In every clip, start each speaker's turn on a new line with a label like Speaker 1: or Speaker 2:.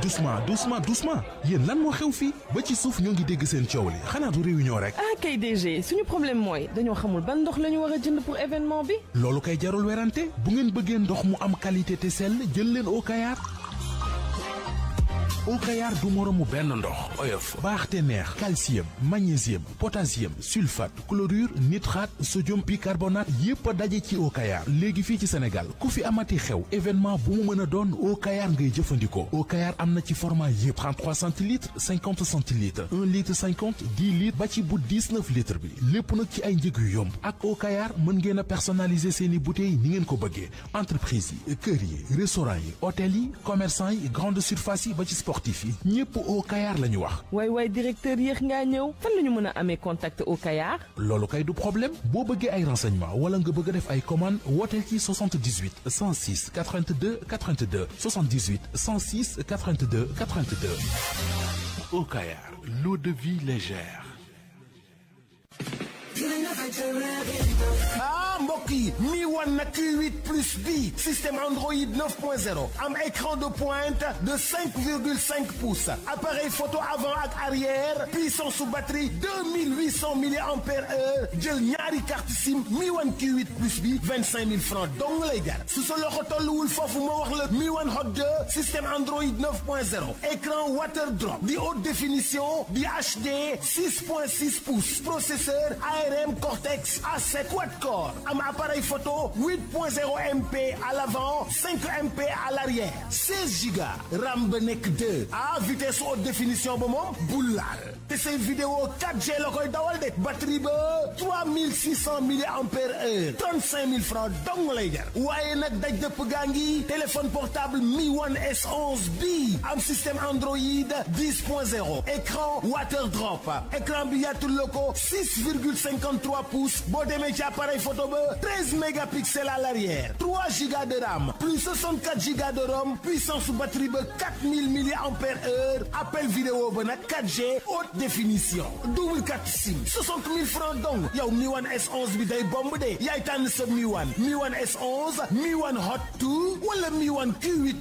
Speaker 1: doucement doucement doucement yéen lan moo xew fii ba ci suuf ñoo ngi dégg seen coow li xanaa du réunion rek.
Speaker 2: ah kay DG suñu problème mooy dañoo xamul ban ndox la ñu a jënd pour événement bi.
Speaker 1: loolu kay jarul werante bu ngeen bëggee ndox mu am qualité te sell jël leen au Kayar. Oncayaar du moromu benn ndox oyof baax te neex calcium magnésium potassium sulfate chlorure nitrate sodium bicarbonate yépp a daje ci Oncayaar léegi fii ci senegal ku fi amati xew événement bu mu mën a doon Oncayaar ngay jëfandikoo Oncayaar am na ci format yépp 33 centilitres 50 centilitres 1 litre 50 10 litres ba ci bu 19 litres bi lépp nag ci ay njëg yu yomb ak Oncayaar mën ngeen a personnaliser seeni bouteilles ni ngeen ko bëggee entreprise yi kër yi restaurant yi hôtel yi sportif yi ñëpp au Kayar la ñu wax.
Speaker 2: waay waay directeur yéex ngaa ñëw fan la ñu mën a amee contact au Kayar.
Speaker 1: loolu kay du problème boo bëggee ay renseignements wala nga bëgg a def ay commandes wooteel ci 78 106 82 82 78 106 82 82. au Kayar l'eau de vie légère.
Speaker 3: Ah mbokk yi Mi One nag Q8 plus bi système Android 9.0 am écran de pointe de 5,5 pouces appareil photo avant ak arrière puissance su batterie 2800 mAh jël ñaari carte SIM Mi One Q8 plus bi 25000 francs dong lay jar su sa loxo tolluwul foofu ma wax la Mi One Hot 2 système Android 9.0 écran waterdrop di haute définition di HD 6.6 pouces processeur ARM Cortex A7 quad-core am appareil photo 8.0 MP à l'avant 5 MP à l'arrière 16 giga RAM ba nekk 2 à vitesse haute définition ba moom bul laal te say vidéo 4G la koy dawal de batterie ba 3600 milliampère heure 35000 francs dong lay jar waaye nag daj gaa ngi téléphone portable Mi One am système Android 10.0 écran waterdrop écran bi yaatul 13 mégapixels à l'arrière 3 gigas de RAM plus 64 gigas de ROM puissance su batterie ba 4000 milliampères heure appel vidéo ba g haute définition double carte SIM S11 bi day bomb de yaay tànn sa Mi One Mi One S11 Mi One Hot 2 wala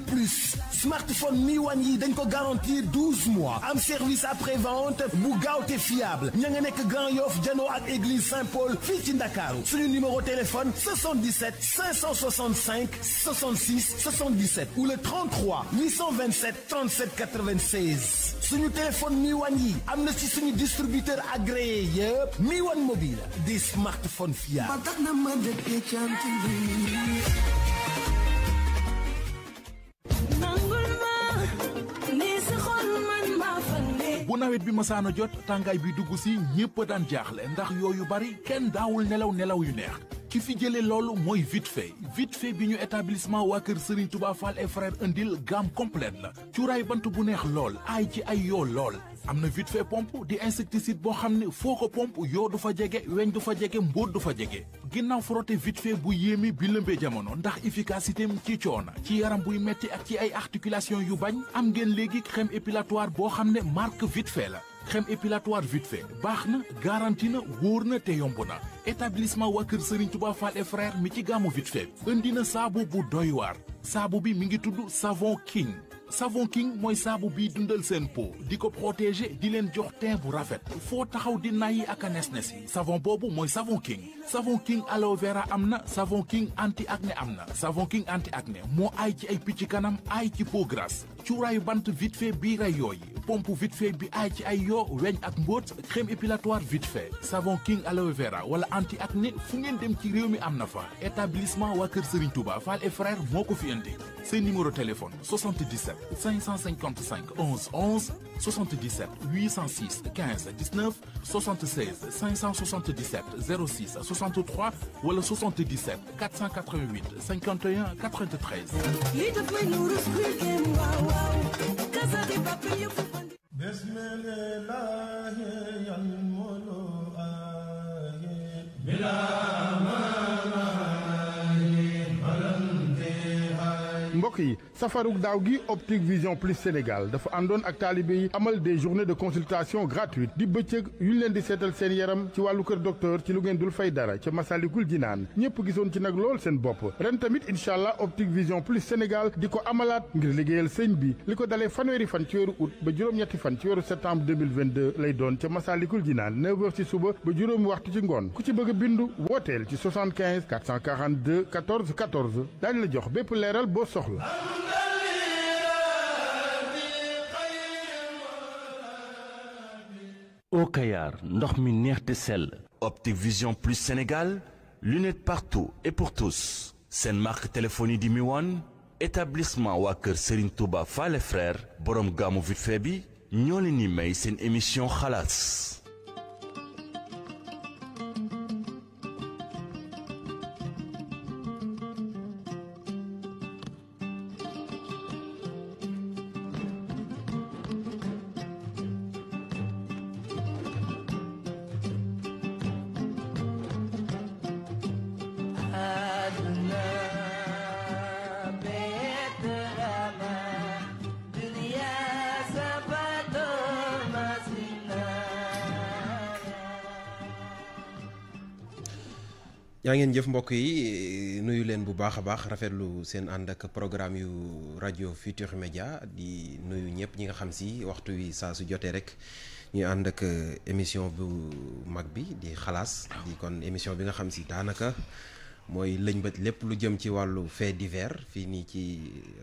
Speaker 3: plus smartphone Mi One yi dañ ko garantir mois am service après-vente bu gaaw fiable ña nga nekk Grand Yoff janoo ak église Saint-Paul fii ci Ndakaaru suñu numéro téléphone 77 565 66 77 ou le 33 827 37 96 suñu téléphone Miwan yii am na ci suñu distributeur agréé yëpp Miwan mobile des smartphones fiables.
Speaker 1: bu nawet bi masaana jot tàngaay bi dugg si ñépp a daan jaaxle ndax yooyu bari kenn daawul nelaw nelaw yu neex ci fi jële loolu mooy vite fait bi ñu établissement waa kër Serigne Touba Fall et indil gamme complète la cuuraay bant bu neex lool aay ci ay yoo lool am na vite fait pompe di insecticide boo xam ne foo ko pomp yoo du fa jege weñ du fa jege mbóot du fa jege ginnaaw frotté vite bu yéeme bi lëmbee jamono ndax efficacité am ci coona ci yaram buy metti ak ci ay articulation yu bañ am ngeen léegi crème épilatoire boo xam ne marque vite la crème épilatoire vite fait baax na garanti na wóor na te yomb na établissement waa kër Serigne Touba Fall et frère mi ci gaamu vite fait indi na saabu bu doy waar saabu bi mi ngi tudd savon king savon king mooy saabu bii dundal seen peau di ko protéger di leen jox teint bu rafet foo taxaw di nayi ak a nes-nes savon boobu mooy savon king savon king aloe vera am na savon king anti acné am na savon king anti acné moo ay ci ay picc kanam aay ci peau grasse cuuraayu bant vite fait bii rey yooyu pompe vite fait bi aay ci ay yoo weñ ak mbóot crème épilatoire vite savon king aloe wala anti acné fu ngeen dem ci réew mi am na fa établissement waa kër Serigne Touba Fall et moo ko fi indi seen numéro téléphone 77 555 11 11 77 806 15 19 76 577 06 63 wala 77 488 51 93.
Speaker 3: بسم الله ينملؤ بلا
Speaker 1: mbokk yi safaruk daaw gi Optique Vision Plus Sénégal dafa àndoon ak taalibe yi amal des journées de consultation gratuite di bëccëg yuñ leen di seetal seen yaram ci wàllu kër docteur ci lu ngeen dul fay dara ca Masalikul naan ñëpp gisoon ci nag lool seen bopp ren tamit incha allah Vision Plus Sénégal di ko amalaat ngir liggéeyal sëñ bi li ko dalee fanweeri fan ci weeru août ba juróom-ñetti fan ci weeru septembre 2022 lay doon ca Masalikul Jinaan 9 naan ci suba ba juróomi waxtu ngoon ku ci bëgg a bindu wooteel ci 75 442 14 14 daañu la jox bépp leeral boo soxla au Kayar ndox mi neex te sell. Optivision plus Sénégal lunettes partout et pour tous seen marque téléphone yi di Miwan établissement waa kër Serigne Touba Fall frère borom gaamu vite fait bi ñoo leen di may seen émission xalaas.
Speaker 4: yaa ngeen jëf mbokk yi nuyu leen bu baax a baax rafetlu seen ànd ak programme yu rajo Futur Media di nuyu ñëpp ñi nga xam si waxtu wi saa su jotee rek ñuy ànd ak euh, émission bu mag bi di xalaas di kon émission bi nga xam si daanaka mooy lëñbët lépp lu jëm ci wàllu fait divers fii nii ci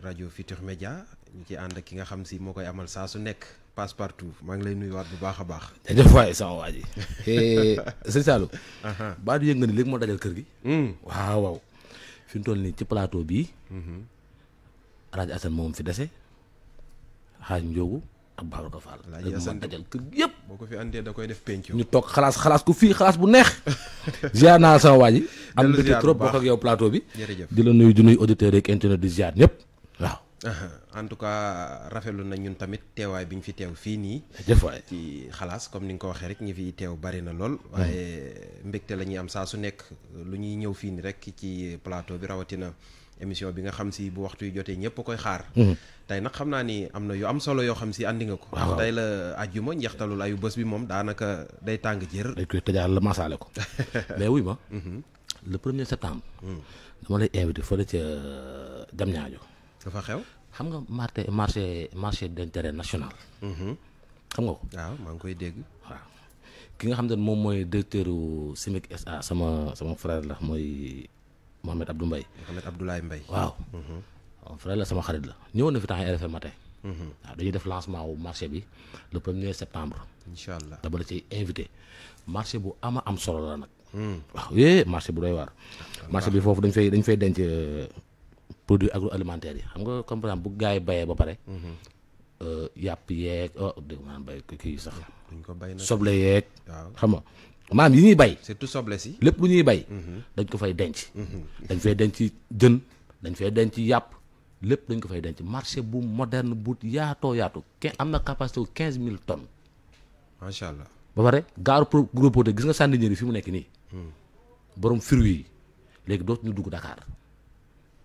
Speaker 4: rajo Futur Media ñu ci ànd ak ki nga xam si moo koy amal saa su nekk passe partout maa ngi lay nuyuwaat bu baax a baax. jaajëf waay sama waa ji. Eh, sëñ Saalum. Badou yëg nga ni léegi moo dajal
Speaker 5: kër gi. Hmm. waaw waaw. fi mu nii ci plateau bii. Mhm. Alaaji Assane moom fi dese. xaaj Ndiogu ak Babacar Fall. Alaaji Assane dajal
Speaker 4: kër gi yëpp. boo ko fi andee da koy def penc. ñu toog
Speaker 5: xalaas xalaas ku fii xalaas bu neex. ziar naa sama waa ji. am na trop bokk ak
Speaker 4: yow plateau bi. jërëjëf di
Speaker 5: la nuyu di nuyu auditeurs yeeg internet di ziar ñëpp waaw.
Speaker 4: en tout cas rafetlu na ñun tamit teewaay bi ñu fi teew fii nii. jëf ci xalaas comme ni nga ko waxee rek ñi fi teew bari na lool. waaye hmm. mbégte la ñuy am saa su nekk lu ñuy ñëw fii nii rek ci plateau bi rawatina émission bi nga xam si bu waxtu yu jotee ñëpp koy xaar. Hmm. tey nag xam naa ni am na yu am solo yoo xam si andi nga ko. waaw tey la àjjuma njeextalul ayu bës bi moom daanaka day tàng jër. dañ koy
Speaker 5: tëjaal la masaale ko. mais wuy ma. Mhm. le premier septembre. Hmm. dama lay invité fële ca euh, Diamniadio. dafa xew xam nga marché marché marché d'intérêt national. Mhm. xam nga ko. waaw maa ngi koy dégg. waaw ki nga xam ne moom mooy directeur u SIMIC SA sama sama frère la mooy Mohamed Abdou Mbaye. Mohamed Abdoulaye mbay waaw. Mhm. frère la sama xarit la ñëwoon na fi temps RFM matin. Mhm. waaw def lancement wu marché bi la premier septembre. incha allah dama la ciy invité marché bu ama am solo la nag. Hmm. waaw yee marché bu doy waar. Ah, marché bi foofu dañ fay dañ fay denc. produits agroalimentaires yi xam nga comme par bu gaa yi bayee ba pare. Mhm. Euh, yàpp yeeg oh dégg maanaam bay kii sax. ko bay nag soble yeeg. xam nga maanaam yi ñuy bay. surtout soble si. lépp lu ñuy bay. Mhm. dañ ko fay denc. Mhm. dañ fay denc jën dañ fay denc yàpp lépp dañ ko fay denc marché bu moderne bu yaatoo yaatu kenn am na capacité wu quinze mille tonnes. macha allah ba pare gaaru gros porteur gis nga sànni ñëri fi mu nekk nii. Hmm. borom fruits yi léegi dootuñu dugg Dakar.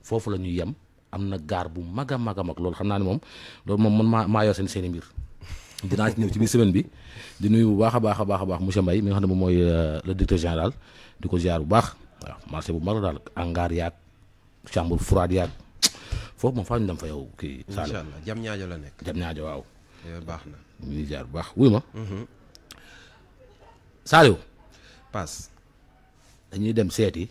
Speaker 5: foofu la ñuy yem am na gaar bu mag a mag a mag loolu xam naa ne moom loolu moom man maa maa yor seen seen i mbir. dinaa ci ñëw ci biir semaine bi di nuyu bu baax a baax a baax a baax monsieur Mbaye mi nga xam ne moom mooy euh, le directeur général di ko ziar bu baax waaw marché bu mag la daal hangar yaag chambre froide yaag foofu moom faa ñu dem fa yow.
Speaker 4: kii Saalum jam ñaajo la nekk. jam ñaajo waaw. Eh, baax na. ñu ngi bu baax wuy ma. Mm-hmm.
Speaker 5: Saliou. paas. dañuy dem seeti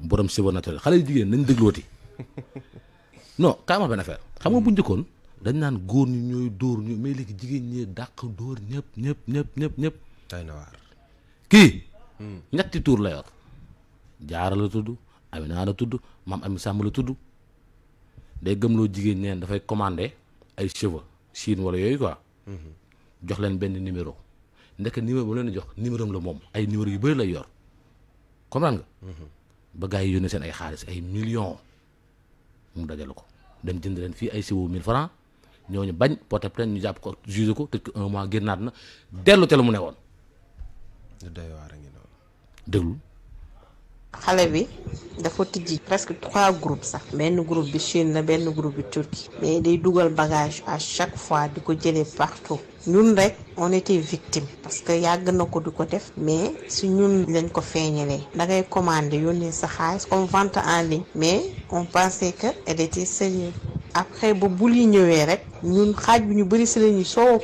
Speaker 5: borom cheveux naturel xale yu jigéen nañ déglooti. non kaa benn affaire xam nga bu hmm. njëkkoon dañ naan góor ñi ñooy dóor ñu mais léegi jigéen ñi dàq dóor ñëpp ñëpp ñëpp ñëpp ñëpp. day kii. Hmm. ñetti tuur la yor. jaara la tudd Amina la tudd maam Ami Samb la tudd day gëmloo jigéen ñeen dafay commandé ay cheveux Chine wala yooyu quoi. Hmm. jox leen benn numéro ndek numéro ba leen jox numéro la moom ay numéro yu bëri lay yor comprendre nga. ba gars seen ay xaalis ay millions. mu dajale ko dem jënd leen fii ay siwo 1000 ñoo ñu bañ porté plainte ñu jàpp ko jugé ko tëj ko un mois génnaat na dellu te la mu ne lu
Speaker 4: doy waar a ngi noonu
Speaker 5: déglu.
Speaker 2: xale bi dafa tijji presque trois groupes sax benn group bi Chine na benn groupe bi Turquie mais day dugal bagage à chaque fois di ko jëlee partout ñun rek on était victime parce que yàgg na ko di ko def mais si ñun lañ ko feeñalee da ngay commandé yónnee sa xaalis comme vente en ligne mais on pensait que elle était sérieuse après ba bul yi ñëwee rek ñun xaaj bi ñu bëri si la ñu soo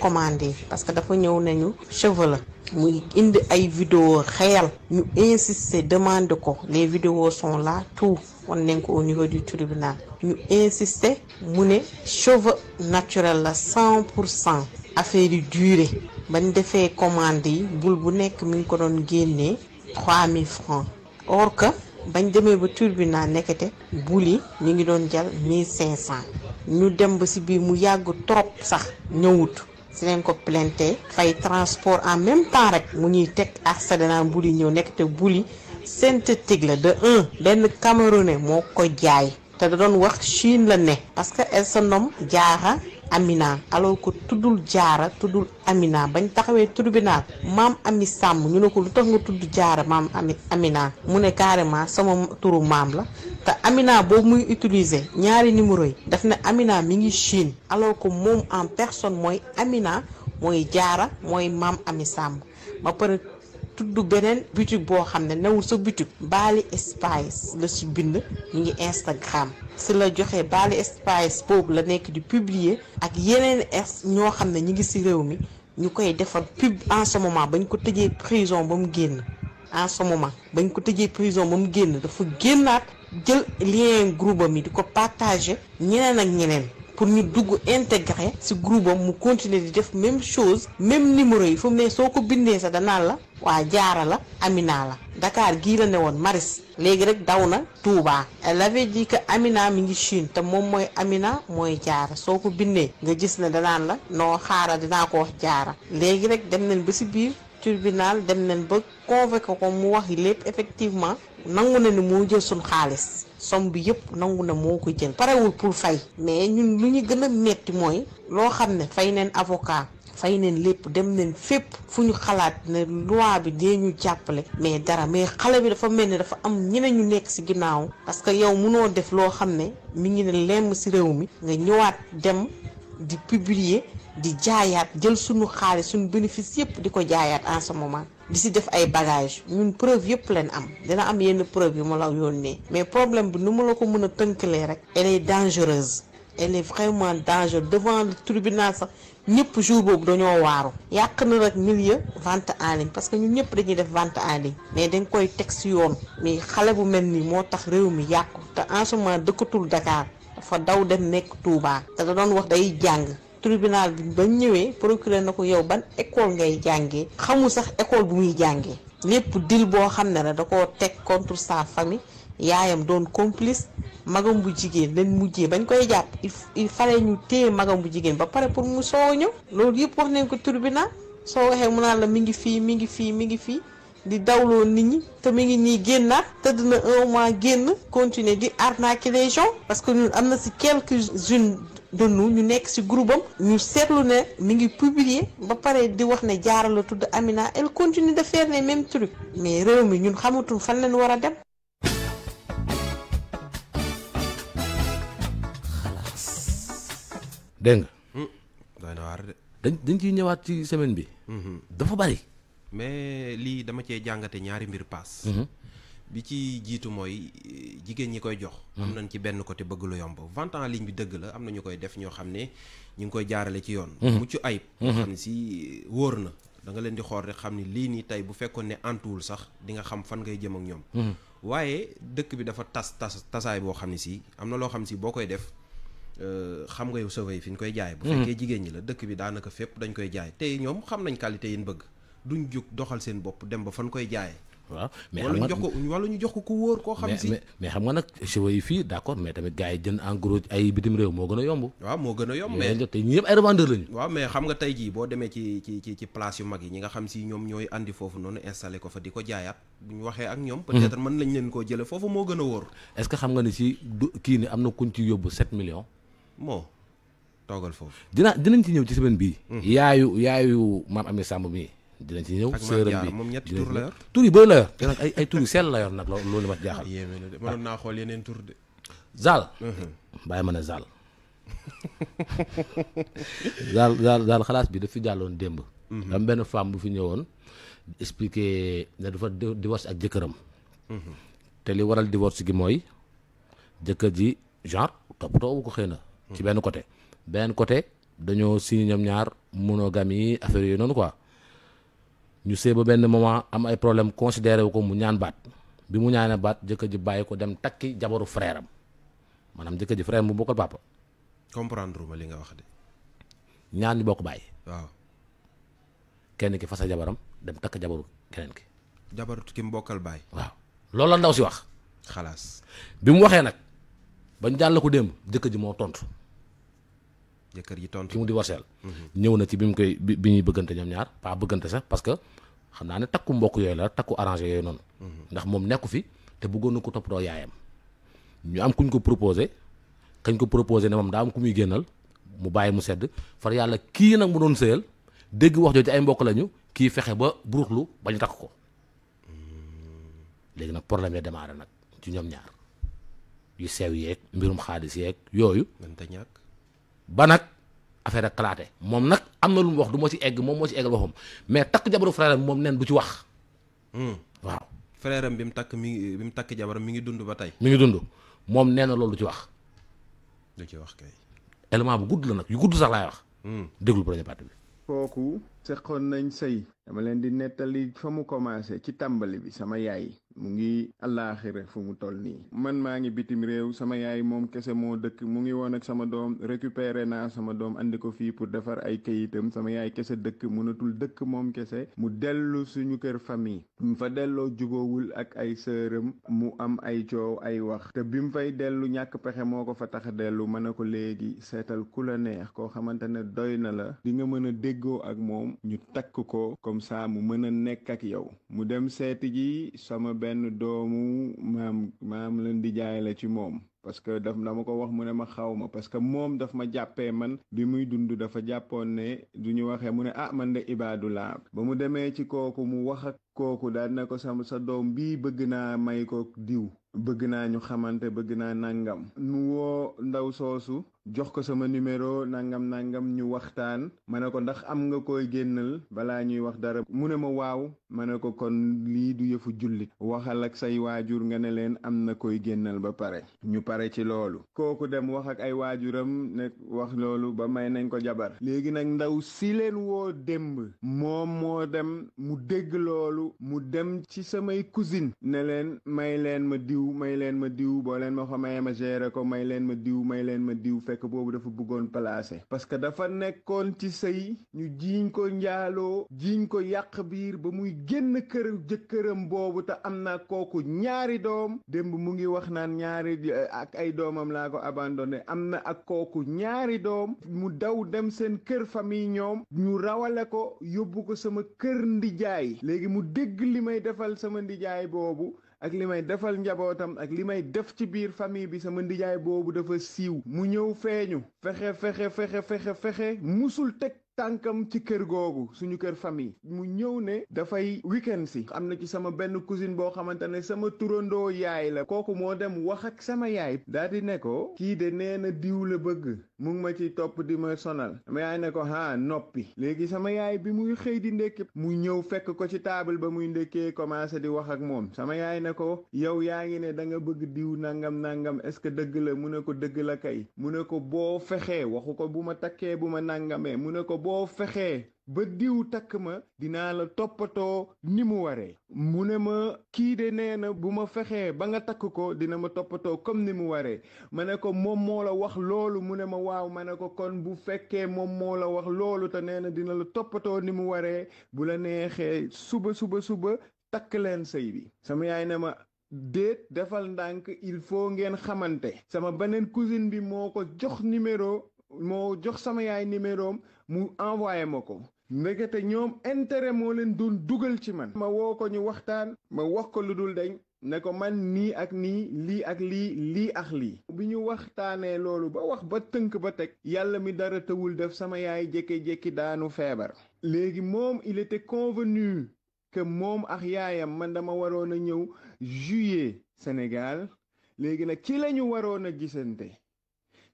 Speaker 2: parce que dafa ñëw nañu cheveux la muy indi ay vidéo xeyal ñu insister demande ko les vidéos son la tout wan nañ ko au du tribunal ñu insister mu ne cheveux naturel la cent pour cent affaire yi durée bañ defee commande yi bul bu nekk mu ngi ko doon génnee trois mille francs or que bañ demee ba tribunal nekkete bul yi ñu ngi doon jal mille cinq cent ñu dem ba si biir mu yàgg trop sax ñëwut si leen ko plainte fay transport en même temps rek mu ñuy teg arsenal buli ñëw nekk te buli synthétique la de un benn camerounais moo ko jaay te da doon wax Chine la ne parce que sa se nomme Amina aloo que tuddul jaara tuddul Amina bañ taxawee tribunal maam ami sàmm ñu ne ko lu tax nga tudd jaara maam ami Amina mu ne carrément sama turu maam la te Amina boobu muy utiliser ñaari numéro yi daf ne Amina mi ngi Chine alors ko moom en personne mooy Amina mooy jaara mooy maam ami sàmm ba pare tudd beneen boutique boo xam ne newul sa boutique Bali Spice la si bind mu ngi Instagram si la joxe Bali Spice boobu la nekk di publier ak yeneen ñoo xam ne ñi ngi si réew mi ñu koy defar pub en ce moment bañ ko tëjee prison ba mu génn en ce moment bañ ko tëjee prison ba mu génn dafa génnaat jël lien groupe mi di ko partager ñeneen ak ñeneen pour ñu dugg intégré si groupe am mu continuer di def même chose même numéro yi fu mu ne soo ko bindee sa danaa la waa jaara la Amina la ndakaar gii la ne woon Maris léegi rek daw na Touba elle avait dit Amina mi ngi Chine te moom mooy Amina mooy jaara soo ko bindee nga gis ne danaan la noo xaaral dinaa ko wax jaara léegi rek dem nañ ba si biir turbinal dem nañ ba convoqué ko mu wax lépp effectivement nangu na ni moo jël suñu xaalis somme bi yëpp nangu na moo ko jël parewul pour fay mais ñun lu ñu gën a metti mooy loo xam ne fay neen avocat fay neen lépp dem neen fépp fu ñu xalaat ne loi bi dee ñu jàppale mais dara mais xale bi dafa mel ni dafa am ñeneen ñu nekk ci ginnaaw parce que yow munoo def loo xam ne mi ngi ne lemm ci réew mi nga ñëwaat dem di publier di jaayaat jël suñu xaalis suñu bénéfice yëpp di ko jaayaat en ce moment di si def ay bagage ñun preuve yëpp leen am dina am yenn preuve yu ma la yónnee mais problème bi nu ma la ko mën a tënkalee rek elle est dangereuse elle est vraiment dangereuse devant le tribunal sax ñëpp jour boobu dañoo waaru yàq na rek millier vente en ligne parce que ñun ñëpp dañuy def vente en ligne mais dañ koy teg si yoon mais xale bu mel nii moo tax réew mi yàqu te en ce dëkkatul Dakar dafa daw dem nekk Touba te da doon wax day jàng tribunal bi ba ñëwee procureur na ko yow ban école ngay jàngee xamul sax école bu muy jàngee lépp dil boo xam ne la da ko teg contre sa famille yaayam doon complice magam bu jigéen leen mujjee bañ koy jàpp il fallait ñu téye magam bu jigéen ba pare pour mu soo ñëw loolu yëpp wax nañ ko tribunal soo waxee mu naan la mi ngi fii mi ngi fii mi ngi fii di dawloo nit ñi te mi ngi nii génnaat tëdd na un mois génn continuer di arnaquer les parce que ñun am na dënnu ñu nekk ci groupe am ñu seetlu ne mi ngi publier ba pare di wax ne jaara la tudd Amina elle continue de faire les mêmes mais réew mi ñun xamatul fan lañ war a dem.
Speaker 5: dégg nga. Hmm. dañ dañ ciy ñëwaat ci semaine bi. Hmm. dafa bari.
Speaker 4: mais lii dama cee jàngate ñaari mbir paas. Hmm. bi ci jiitu mooy eh, jigéen ñi koy jox. Mm-hmm. am nañ ci benn côté bëgg lu yomb vente en ligne bi dëgg la am na ñu koy def ñoo xam ne ñu ngi koy jaarale ci yoon. Mm-hmm. mucc ayib. ñoo mm-hmm. si eh, wóor na da leen di xool rek xam ne lii nii tey bu fekkoon ne antuwul sax di nga xam fan ngay jëm ak ñoom. waaye dëkk bi dafa tas tas tasaay boo xam ne si am na loo xam si boo koy def. Eh, xam nga yow sauvé fi ñu koy jaay. bu fekkee jigéen ñi la dëkk bi daanaka fépp dañ koy jaay te ñoom xam nañ qualité yi bëgg duñ jug doxal seen bopp dem ba fan koy jaayee. waaw mais xam nga wala ñu jox ko ku wóor koo xam si
Speaker 5: mais xam nga nag chevaux yi fii d' accord mais tamit gars yi jënd en gros ay bitim réew moo gën a yomb waaw
Speaker 4: moo gën a yomb mais te ñëpp ay revendeur lañu waaw nga xam si ñoom ñooy andi foofu noonu installé ko fa di ko jaayaat bu ñu waxee ak ñoom peut être leen koo jële foofu moo gën a wóor
Speaker 5: est ce que xam nga ni si kii ni am na kuñ ci yóbbu 7 millions
Speaker 4: moo toogal foofu
Speaker 5: dina dinañ ci ñëw ci semaine bii yaayu yaayu maam Amie Samb mii dinañ ci ñëw sërëm bi moom ñetti tur la yor tur yi bëri la yor te nag ay ay tur yu sell la yor nag loolu li ma jaaxal ah, mënoon
Speaker 4: naa xool zaal mhm.
Speaker 5: ma ne zaal zaal zaal xalaas bi daf fi jàlloon démb mhm. am benn femme bu fi ñëwoon expliquer ne dafa divorce ak jëkkëram mhm. te li waral divorce gi mooy jëkkër ji genre toppatoo wu ko xëy na ci benn côté benn côté dañoo signé ñoom ñaar yi affaire yooyu noonu quoi ñu sëy ba benn moment am ay problème considéré wu ko mu ñaan baat bi mu ñaanee baat jëkkër ji bàyyi ko dem takki jabaru frère am maanaam jëkkër ji frère mu bokkal papa. comprendre ma li nga wax de. ñaan ñu bokk bàyyi. waaw. kenn ki fasa jabaram dem takk jabaru
Speaker 4: keneen ki. jabaru ki mu bokkal bàyyi. waaw
Speaker 5: loolu la ndaw si wax. xalaas bi mu waxee nag bañ jàll ko démb jëkkër ji moo tontu. jëkkër yi tontu ki mu di warseel ñëw na ci bi mu koy bi bi ñuy bëggante ñoom ñaar pas bëggante sax parce que xam naa ne takku mbokk yooyu la takku arrangé yooyu noonu mhm. ndax moom nekku fi te bëggoon na ko toppatoo yaayam ñu am kuñ ko proposé kañ ko proposé ne moom daa am ku muy génnal mu bàyyi mu sedd far yàlla kii nag mu doon sëyal dégg wax jooju ay mbokk lañu kii fexe ba buruxlu ba ñu takk ko mhm. léegi nag problème yi démarré nag ci ñoom ñaar yu sew yeeg mbirum xaalis yeeg yooyu. mënta ñàkk ba nag affaire ak kalaate moom nag am na lu mu wax du ma ci egg moom moo ci eggal waxam mais takk
Speaker 4: jabaru frère moom neen du ci wax. Hmm. waaw. frère bi mu takk mi ngi bi mu takk jabaram mi ngi dund ba tey.
Speaker 5: mi ngi dund moom nee na loolu du ci wax. du ci wax kay. élément bu gudd la nag yu gudd sax laay wax. Hmm. déglu première partie bi.
Speaker 6: seqoon nañ sëy dama leen di nettali fa mu commencé ci tàmbali bi sama yaay mu ngi àllaaxira fu mu toll nii man maa ngi bitim réew sama yaay moom kese moo dëkk mu ngi woon ak sama doom récupéré naa sama doom andi ko fii pour defar ay kayitam sama yaay kese dëkk mënatul dëkk moom kese mu dellu suñu kër famille mu fa delloo jubóowul ak ay sëram mu am ay coow ay wax te bi mu fay dellu ñàkk pexe moo ko fa tax dellu mën a ko léegi seetal ku la neex koo xamante ne doy na la di nga mën a déggoo ak moom yow ñu takk ko comme saa mu mën a nekk ak yow mu dem seeti ji sama benn doomu maam maam la ndijaay la ci moom parce que daf dama ko wax mu ne ma xaw ma parce que moom dafa ma jàppee man bi muy dund dafa jàppoon ne du ñu waxee mu ne ah man de ibaadu laa ba mu demee ci kooku mu wax ak kooku daal na ko sama sa doom bii bëgg naa may ko diw bëgg naa ñu xamante bëgg naa nàngam nu woo ndaw soosu jox ko sama numéro nangam nangam ñu waxtaan ma ne ko ndax am nga koy génnal balaa ñuy wax dara mu ne ma waaw ma ne ko kon lii du yëfu jullit waxal ak say waajur nga ne leen am na koy génnal ba pare ñu pare ci loolu kooku dem wax ak ay waajuram ne wax loolu ba may nañ ko jabar léegi nag ndaw si leen woo démb moom moo dem mu dégg loolu mu dem ci samay cousine ne leen may leen ma diw may leen ma diw boo leen ma ko mayee ma géré ko may leen ma diw may leen ma diw fekk boobu dafa bëggoon placer parce que dafa nekkoon ci say ñu jiiñ ko njaaloo jiiñ ko yàq biir ba muy génn kër jëkkëram boobu te am na kooku ñaari doom démb mu ngi wax naan ñaari ak ay doomam laa ko abandonné am na ak kooku ñaari doom mu daw dem seen kër famille ñoom ñu rawale ko yóbbu ko sama kër ndijaay léegi mu dégg li may defal sama ndijaay boobu ak li may defal njabootam ak li may def ci biir famille bi sama ndijaay boobu dafa siiw mu ñëw feeñu fexe fexe fexe fexe fexe musul teg tànkam ci kër googu suñu kër famille mu ñëw ne dafay weekend si am na ci sama benn cousine boo xamante ne sama turandoo yaay la kooku moo dem wax ak sama yaay daal di ne ko kii de nee na diw la bëgg mu ngi ma ci topp di ma sonal sama yaay ne ko ah noppi léegi sama yaay bi muy xëy di ndékki mu ñëw fekk ko ci taabal ba muy ndëkkee commencé di wax ak moom sama yaay ne ko yow yaa ngi ne da nga bëgg diw nangam nangam est-ce que dëgg la mu ne ko dëgg la kay mu ne ko boo fexee waxu ko bu ma takkee bu ma nangamee mu ne ko boo fexee ba diw takk ma dinaa la toppatoo ni mu waree mu ne ma kii de nee na bu ma fexee ba nga takk ko dina ma toppatoo comme ni mu waree ma ne ko moom moo la wax loolu mu ne ma waaw ma ne ko kon bu fekkee moom moo la wax loolu te nee na dina la toppatoo ni mu waree bu la neexee suba suba suba takk leen sëy bi sama yaay ne ma déet defal ndànk il faut ngeen xamante sama beneen cousine bi moo ko jox numéro moo jox sama yaay numéroom mu envoyé ma ko ndekete ñoom intérêt moo leen doon dugal ci man ma woo ko ñu waxtaan ma wax ko lu dul dañ ne ko man nii ak nii lii ak lii lii ak lii bi ñu waxtaanee loolu ba wax ba tënk ba teg yàlla mi dara tawul def sama yaay jékki-jékki daanu feebar léegi moom il était convenu que moom ak yaayam man dama waroon a ñëw juillet Sénégal léegi nag ci lañu waroon a gisante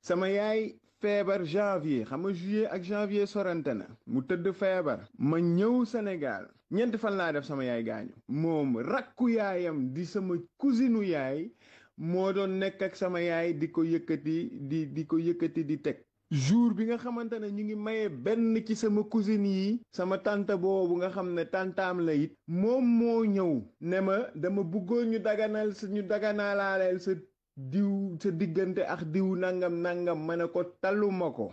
Speaker 6: sama yaay feebar janvier xam nga juillet ak janvier sorante na mu tëdd feebar ma ñëw Sénégal ñeenti fan laa def sama yaay gaañu moom rakku yaayam di sama cousinu yaay moo doon nekk ak sama yaay di ko yëkkati di di ko yëkkati di teg jour bi nga xamante ne ñu ngi maye benn ci sama cousine yi sama tante boobu nga xam ne tantaam la it moom moo ñëw ne ma dama bëggoon ñu daganal sa ñu daganalaleel sa diw sa diggante ak diw nangam nangam ma ne ko taluma ko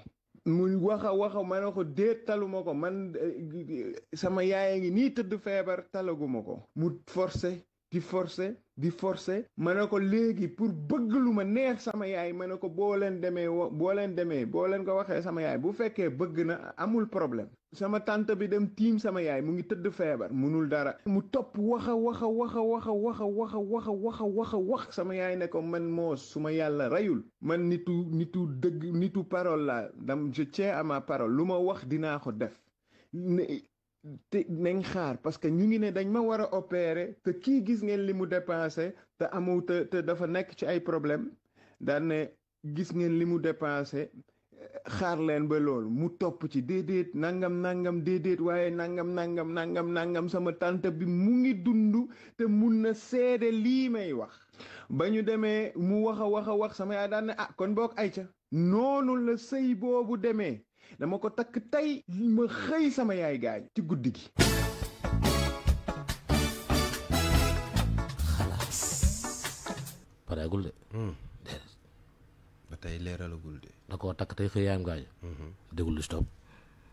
Speaker 6: mu wax a wax ma ne ko déet taluma ko man eh, sama yaay a ngi nii tëdd feebar talaguma ko mu forcé di forcer di forcer ma ne ko léegi pour bëgg lu ma neex sama yaay ma ne ko boo leen demee wo boo leen demee boo leen ko waxee sama yaay bu fekkee bëgg na amul problème sama tante bi dem tiim sama yaay mu ngi tëdd feebar munul dara mu topp waxa waxa waxa waxa waxa waxa waxa waxa waxa wax sama yaay ne ko man moo su ma yàlla reyul man nitu nitu dëgg nitu parole la dam je tiens à ma parole lu ma wax dinaa ko def te nañ xaar parce que ñu ngi ne dañ ma war a opérer te kii gis ngeen li mu dépensé te amul te dafa nekk ci ay problème daan gis ngeen li mu dépensé xaarleen ba loolu mu topp ci déedéet nangam nangam déedéet waaye nangam nangam nangam nangam sama tante bi mu ngi dund te mun na seede lii may wax ba ñu demee mu wax a wax wax sama yaay daan kon ah kon boog ayca noonu la sëy boobu demee dama ko takk tey ma xëy sama yaay gaañu ci guddi gi
Speaker 5: xalaas pareegul de hmm. déedéet ba tey leeralagul de da koo takk tey xëy yaayam gaañu hmm. déggul lu stop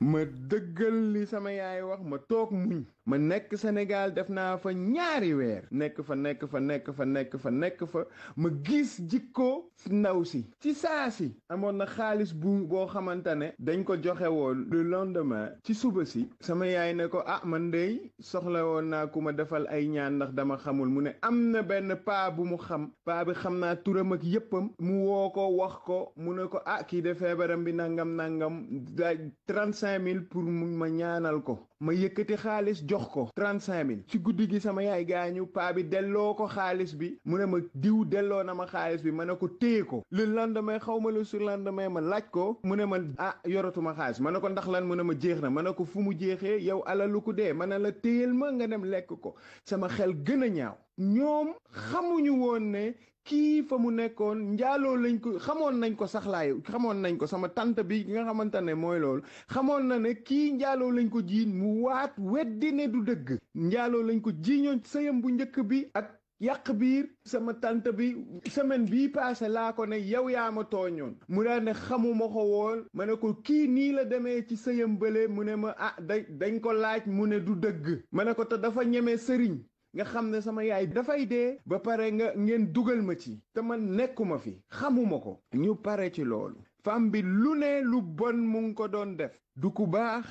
Speaker 6: ma dëggal li sama yaay wax ma toog muñ ma nekk Sénégal def naa fa ñaari weer nekk fa nekk fa nekk fa nekk fa nekk fa ma gis jikko ndaw si ci saa si amoon na xaalis bu boo xamante ne dañ ko joxe woon le lendemain ci suba si sama yaay ne ko ah man dey soxla woon naa ku ma defal ay ñaan ndax dama xamul mu ne am na benn paa bu mu xam paa bi xam naa turam ak yëppam mu woo ko wax ko mu ne ko ah kii de feebaram bi nangam nangam da trente cinq mille pour mu ma ñaanal ko ma yëkkati xaalis jox jox ko trente cinq mille guddi gi sama yaay gaañu paa bi delloo ko xaalis bi mu ne ma diw delloo na ma xaalis bi ma ne ko téye ko le may xaw ma le surlendemain ma laaj ko mu ne ma ah yoratuma xaalis ma ne ko ndax lan mu ne ma jeex na ma ne ko fu mu jeexee yow alalu ko dee ma ne la téyel ma nga dem lekk ko sama xel gën a ñaaw ñoom xamuñu woon ne kii fa mu nekkoon njaaloo lañ ko xamoon nañ ko sax laay xamoon nañ ko sama tànt bi nga xamante ne mooy loolu xamoon na ne kii njaaloo lañ ko jiiñ mu waat weddi ne du dëgg njaaloo lañ ko jiiñoon sëyam bu njëkk bi ak yàq biir sama tànt bi semaine bii passé laa ko ne yow yaa ma tooñoon mu daan ne xamuma ko woon ma ne ko kii nii la demee ci sëyam bële mu ne ma ah dañ ko laaj mu ne du dëgg ma ne ko te dafa ñeme sëriñ nga xam ne sama yaay dafay dee ba pare nga ngeen dugal ma ci te man nekkuma fi xamuma ko ñu pare ci loolu femme bi lu ne lu bon mu ngi ko doon def du ku baax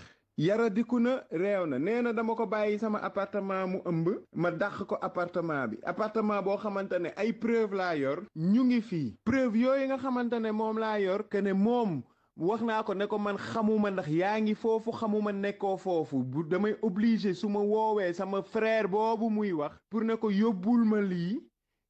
Speaker 6: yaradiku na réew na nee na dama ko bàyyi sama appartement mu ëmb ma dàq ko appartement bi appartement boo xamante ne ay preuve laa yor ñu ngi fii preuve yooyu nga xamante ne moom laa yor que ne moom wax naa ko ne ko man xamuma ndax yaa ngi foofu xamuma nekkoo foofu bu damay obligé su ma woowee sama frère boobu muy wax pour ne ko yóbbul ma lii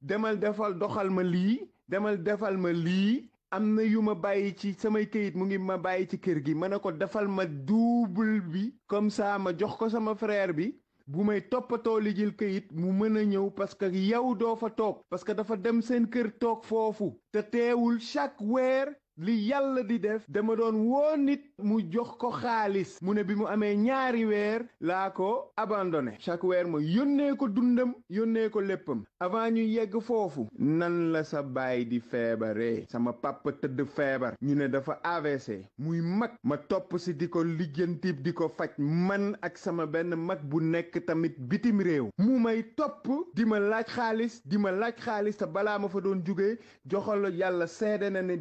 Speaker 6: demal defal doxal ma lii demal defal ma lii am na yu ma bàyyi ci samay kayit mu ngi ma bàyyi ci kër gi ma ne ko defal ma double bi comme saa ma jox ko sama frère bi bu may toppatoo li jël kayit mu mën a ñëw parce que yow doo fa toog parce que dafa dem seen kër toog foofu te teewul chaque weer li yàlla di def dama doon woo nit mu jox ko xaalis mu ne bi mu amee ñaari weer laa ko abandonné chaque weer ma yónnee ko dundam yónnee ko léppam avant ñuy yegg foofu nan la sa baay di feebaree sama papa tëdd feebar ñu ne dafa AVC muy mag ma topp si di ko lijjanti di ko faj man ak sama benn mag bu nekk tamit bitim réew mu may topp di ma laaj xaalis di ma laaj xaalis te balaa ma fa doon jóge joxal yàlla seede na ne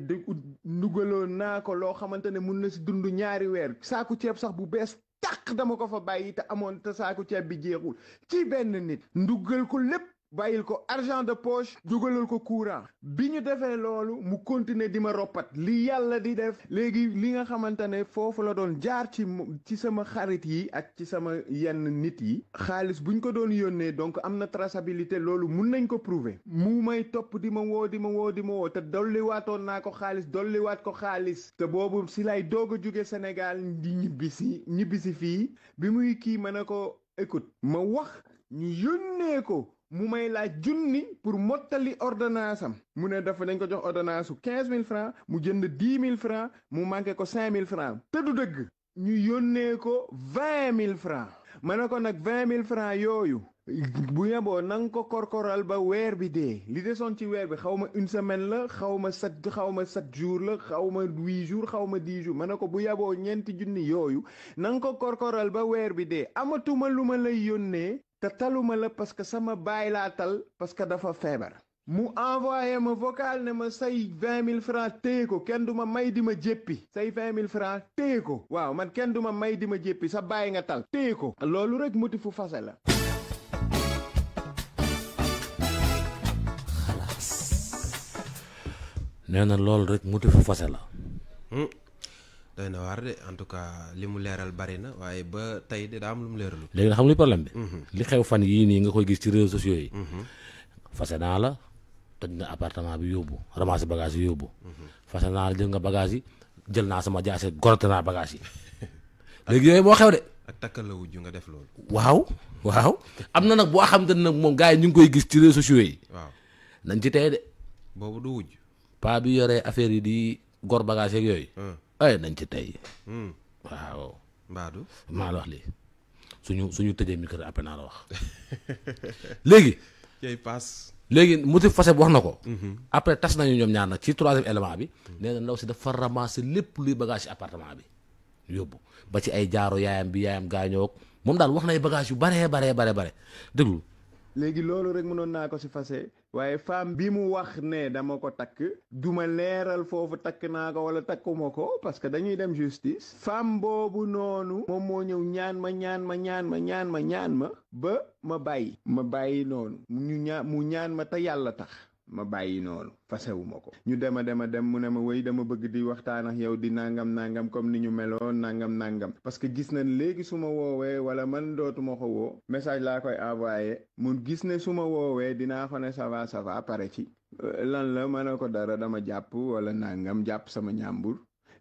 Speaker 6: ndugaloo naa ko loo xamante ne mun na si dund ñaari weer saaku ceeb sax bu bees tàq dama ko fa bàyyi te amoon te saaku ceeb bi jeexul ci benn nit ndugal ko lépp bàyyil ko argent de poche dugalal ko courant bi ñu defee loolu mu continuer di ma roppat li yàlla di def léegi li nga xamante ne foofu la doon jaar ci ci sama xarit yi ak ci sama yenn nit yi xaalis buñ ko doon yónnee donc am na trasabilité loolu mun nañ ko prouver mu may topp di ma woo di ma woo di ma te dolliwaatoon naa ko xaalis dolliwaat ko xaalis te boobu si lay doog a jóge Sénégal di ñibbisi ñibbisi fii bi muy kii mën a ko écoute ma wax ñu yónnee ko mu may laaj junni pour mottali ordonnance am mu ne dafa dañ ko jox ordonnance su quinze mille francs mu jënd dix mille francs mu manqué ko cinq mille francs te du dëgg ñu yónnee ko vingt mille francs ma ne ko nag vingt mille francs yooyu bu yeboo na nga ko korkoral ba weer bi dee li desoon ci weer bi xaw ma une semaine la xaw ma sept xaw ma sept jours la xaw ma huit jours xaw ma dix jours ma ne ko bu yeboo ñeenti junni yooyu na ko korkoral ba weer bi dee amatuma lu ma lay yónnee te taluma la parce que sama baay laa tal parce que dafa feebar mu envoyé ma vocal ne ma say vingt mille francs téye ko kenn du ma may di ma jéppi say vingt mille francs téye ko waaw man kenn duma may di ma jéppi sa baay nga tal téye ko loolu rek motifu
Speaker 2: fase la
Speaker 5: xalaas nee na loolu rek motifu fase la
Speaker 2: hmm.
Speaker 4: doy na tout cas li mu leeral bari na waaye ba tey daa am lu mu leeralu. léegi nag xam luy problème bi. Mhm.
Speaker 5: li xew fan yii nii nga koy gis ci réseaux sociaux yi. Mhm. naa la toj nga appartement bi yóbbu ramassé bagage yi yóbbu. Mhm. naa la nga bagage yi jël naa sama jaase gorote naa bagage yooyu moo xew de.
Speaker 4: ak takkal la wujju nga def loolu.
Speaker 5: waaw waaw am na nag boo xam te ne nag moom gars yi ñu ngi koy gis ci réseaux sociaux yi. waaw nañ ci tey de. boobu du wujj. paa bi yore affaire yi di gor bagage yooyu. ay nañ ci tey. Hmm. waaw. Mbadou maa la wax lii suñu suñu micro après
Speaker 4: naa la wax
Speaker 2: léegi. yooyu paas.
Speaker 5: léegi motif fase bi wax na ko. Mm-hmm. après tas nañu ñoom ñaar nag ci troisième élément bi. Mm-hmm. nee ndaw si dafa ramasser lépp luy bagage ci appartement bi. yóbbu ba ci ay jaaro yaayam bi yaayam gaañoo moom daal wax na ay bagage yu baree baree baree bare déglu.
Speaker 6: léegi loolu rek mënoon naa ko si fase waaye femme bi mu wax ne dama ko takk du ma leeral foofu takk naa ko wala takkuma ko parce que dañuy dem justice femme boobu noonu moom moo ñëw ñaan ma ñaan ma ñaan ma ñaan ma ba ma bàyyi ma bàyyi noonu ñu ñaan mu ñaan ma te yàlla tax ma bàyyi noonu fasewuma ko ñu dema dema dem mu ne ma wéy dama bëgg di waxtaan ak yow di nangam nangam comme ni ñu meloon nangam nangam parce que gis na léegi su ma woowee wala man dootuma ko woo message laa koy envoyé mun gis ne su ma woowee dinaa ko ne ça va ça va pare ci euh, lan la ma ko dara dama jàpp wala nàngam jàpp sama ñàmbur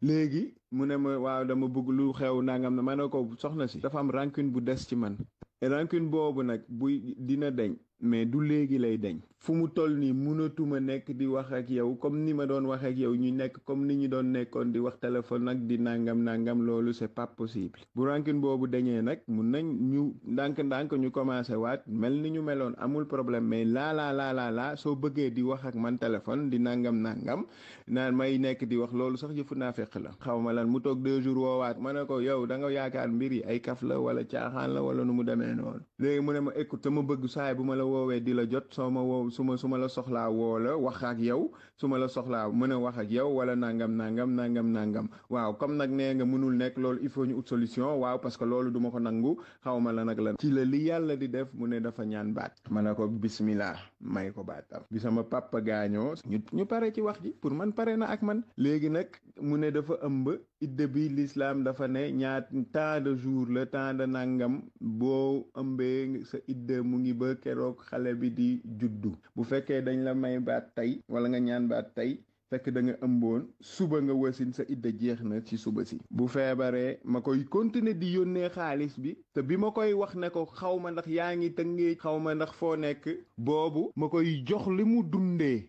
Speaker 6: léegi mu ne ma waaw dama bëgg lu xew nangam na ma ne ko soxna si dafa am rancune bu des ci man rancune boobu nag buy dina deñ mais du léegi lay deñ fu mu toll nii mënatuma nekk di wax ak yow comme ni ma doon wax ak yow ñu nekk comme ni ñu doon nekkoon di wax téléphone ak di nangam nangam loolu c'est pas possible bu rancune boobu dañee nag mun nañ ñu ndànk-ndànk ñu commencé waat mel ni ñu meloon amul problème mais laa laa laa soo bëggee di wax man téléphone di nangam nangam naan may nekk di wax loolu sax yëfu naa fekk la xaw ma lan mu toog deux jours woowaat ma ne ko yow da nga yaakaar mbir yi ay kaf la wala caaxaan la wala nu mu demee noonu léegi mu ne ma écoute sama bëgg saay bu ma la woowee di la jot soo ma woow suma suma la soxlaa woo la wax ak yow su la soxlaa mën a wax ak yow wala nangam nangam nangam nangam waaw comme nag nee nga mënul nekk loolu il faut ñu ut solution waaw parce que loolu duma ko nangu xaw la nag la ci la li yàlla di def mu ne dafa ñaan baat ma ne ko bismillah may ko baatam bi sama papa gaañoo ñu pare ci wax ji pour man pare na ak man léegi nag mu ne dafa ëmb idda bi lislaam dafa ne ñaar temps de jour la temps de nangam boo ëmbee sa idda mu ngi ba keroog xale bi di juddu bu fekkee dañ la may baat tey wala nga ñaan baat tey fekk da nga ëmboon suba nga wasin sa idda jeex na ci suba si bu feebaree ma koy continuer di yónnee xaalis bi te bi ma koy wax ne ko xaw ma ndax yaa ngi tëngee xaw ma ndax foo nekk boobu ma koy jox li mu dundee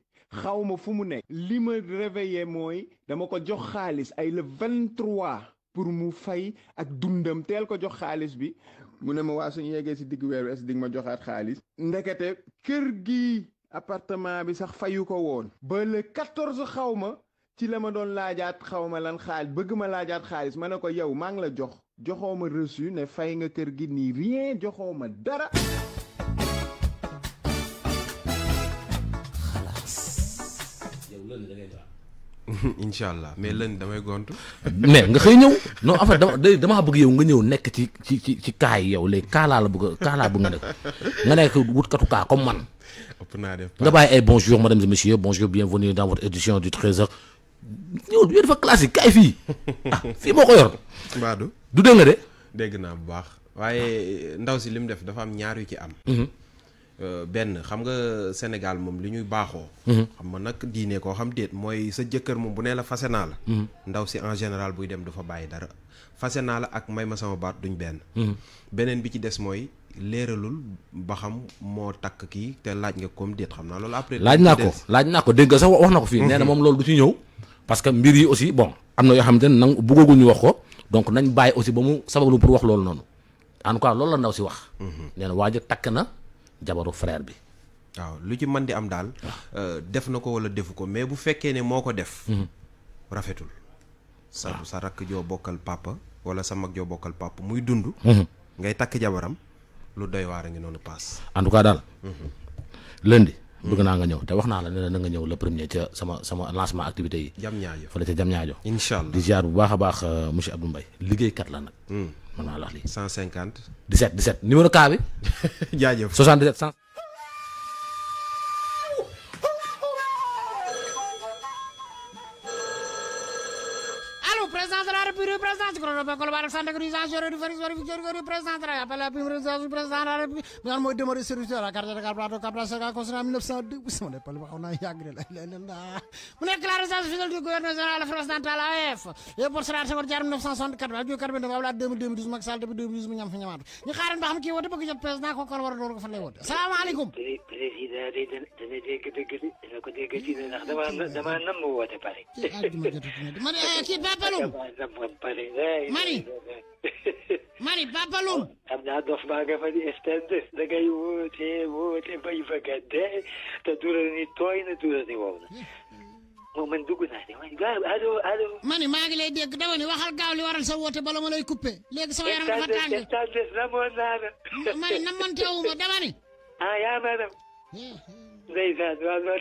Speaker 6: xawma fu mu nekk li ma réveillé mooy dama ko jox xaalis ay le vingt-trois pour mu fay ak dundam teel ko jox xaalis bi mu ne ma waa suñu yegee si digg weer wi est di ma joxaat xaalis ndekete kër gi apartement bi sax fayu ko woon ba le quatorze xaw ma ci la ma doon laajaat xaw ma lan xaalis bëgg ma laajaat xaalis ma ne ko yow maa ngi la jox joxoo ma reçu ne fay nga kër gi nii rien joxoo ma dara
Speaker 4: da ngay incha allah mais lën damay gontu. mais nga xëy
Speaker 5: ñëw non en fait dama damaa bëgg yow nga ñëw nekk ci ci ci ci kaa yi yow léegi kaa la bëgg a kaa laa bëgg nga nekk nga nekk wutkatu kaa comme man.
Speaker 4: ëpp naa def nga bàyyi
Speaker 5: ay bonjour mesdames et messieurs bonjour bienvenue dans votre édition du 13h. yow
Speaker 4: yow dafa classique kaay fii ah fii moo ko yor. Mbadou du dégg nga de. dégg naa bu baax waaye ndaw si li mu def dafa am ñaar yu ci am. Mhm. Euh, benn xam nga Sénégal moom li ñuy baaxoo. Mhm. xam ma nag diine koo xam déet mooy sa jëkkër moom bu nee la fase naa la. Mhm. ndaw si en général buy dem du fa bàyyi dara fase naa la ak may ma sama baat duñ benn. Mhm. beneen bi ci des mooy leeralul ba xam moo takk kii te laaj nga comme déet xam naa loolu laaj naa ko laaj naa ko dégg nga sax wax na ko fii. nee moom
Speaker 5: loolu du ci ñëw. parce que mbir yi aussi bon am na yoo xamante ne nag bëggooguñu wax ko donc nañ bàyyi aussi ba mu sabablu pour wax loolu noonu en tout cas loolu la ndaw si wax.
Speaker 4: nee na waaj takk na. jabaru frère bi. waaw lu ci man di am daal. Euh, def na ko wala defu ko mais bu fekkee ne moo ko def. Mhm. rafetul. sa sa rakk joo bokkal papa wala sa mag joo bokkal papa muy dund. Mhm. ngay takk jabaram lu doy waar a ngi noonu paas. en tout cas daal. Mhm.
Speaker 5: lundi. bëgg naa nga ñëw te wax naa la ne na nga ñëw le premier ca sama sama lancement activité yi. jam ñaajo fële ca jam ñaajo. incha allah di ziar bu baax a baax euh, monsieur Abdou Mbaye liggéeykat la nag. Mm. mën naa la wax lii. 150. 17 17 numéro cas bi. jaajëf 77 100.
Speaker 2: président de la République président ci Colobane Sande ak Rufisque yore du Fari yore président de la appel à président de la République bi nga xam mooy demande service de la carte de Dakar plateau cap la Sénégal constitution 1902 bu sama neppal ba xaw naa yàgg de la
Speaker 3: leen daa
Speaker 2: mu nekk la résidence fidèle du gouverneur général présidentiel AF yow pour Sénat Senghor Diar 1964 waaye jóge 89 Abdoulaye 2012 Macky Sall depuis 2012 mu ñam fi ñamaat ñu xaaran ba xam kii woote bëgg jot président ko kon war a door ko fan lay woote
Speaker 3: salaamaaleykum président de dana dégg dëgg dana ko dégg ci ndax dama dama namm woote pare Papalum. Mani.
Speaker 2: Mani, Papalum.
Speaker 3: Abnad of maga van die estendes. Dan ga je woord, woord, en van je vergadde. Dat doet er niet toe en dat doet man dugg naa de waaye gaaw allo allo.
Speaker 2: ma maa ngi waxal gaaw li waral sa woote bala ma lay coupé. léegi sama yaram dafa tàng
Speaker 3: stades namoon naa la. ma ne namoon teewuma dama ne. ah yaa ma dem. ndeysaan waaw